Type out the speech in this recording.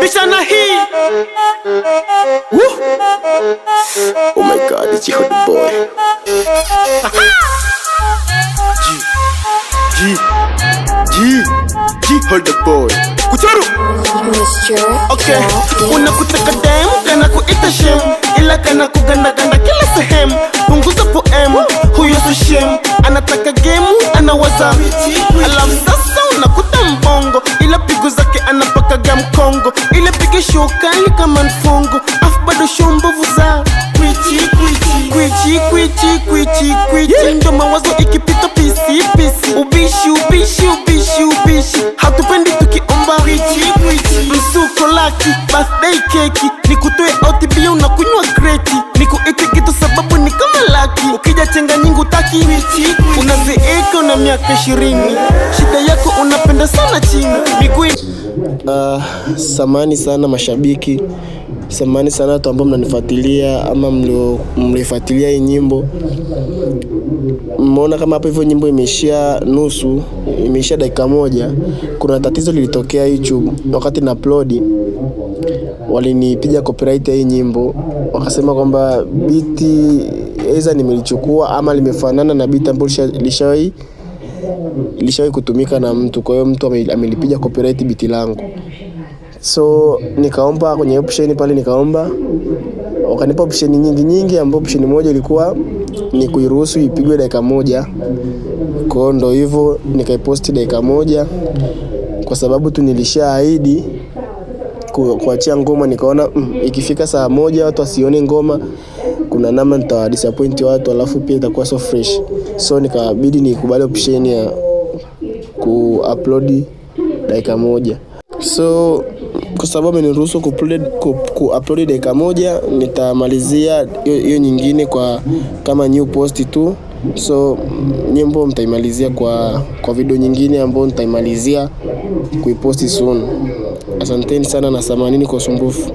Bishana hii Oh my god, it's your boy G G G G hold the boy Kuchuru Okay, kutaka dem kana kuita shem ila kana kuganda ganda kila sehem. punguza poem huyo si shem anataka game anawaza alafu sasa unakuta mbongo bila pigo zake anapakaga mkongo, ile piga show kama mfongo, afu bado show za kwichi kwichi kwichi kwichi kwichi kwichi, ndo mawazo ikipita pisi pisi, ubishi ubishi ubishi ubishi, hatupendi tukiomba kwichi kwichi, msuko laki birthday keki, nikutoe oti bia unakunywa kreti, nikuite kitu sababu ni kama laki, ukija chenga nyingu utaki, unazeeka una miaka ishirini, shida yako una Napanda sana timu miguu. Uh, ah, samani sana mashabiki, samani sana watu ambao mnanifuatilia ama mlioifuatilia hii nyimbo. Mmeona kama hapo hivyo nyimbo imeishia nusu, imeishia dakika moja. Kuna tatizo lilitokea YouTube wakati na upload, walinipiga copyright ya hii nyimbo, wakasema kwamba biti aidha nimelichukua ama limefanana na biti ambayo lishawahi ilishawahi kutumika na mtu, kwa hiyo mtu amelipiga copyright biti langu. So nikaomba kwenye option pale, nikaomba wakanipa option nyingi nyingi, ambapo option moja ilikuwa ni kuiruhusu ipigwe dakika moja. Kwa hiyo ndo hivyo nikaiposti dakika moja, kwa sababu tu nilishaahidi kuachia ngoma. Nikaona mm, ikifika saa moja watu wasione ngoma kuna namna nitawadisappoint watu, alafu pia itakuwa so fresh, so nikabidi nikubali option ya kuupload dakika moja so kwa sababu ameniruhusu kuupload dakika moja, nitamalizia hiyo nyingine kwa kama new post tu. So nyimbo mtaimalizia kwa, kwa video nyingine ambayo nitaimalizia kuiposti soon. Asanteni sana na samanini kwa usumbufu.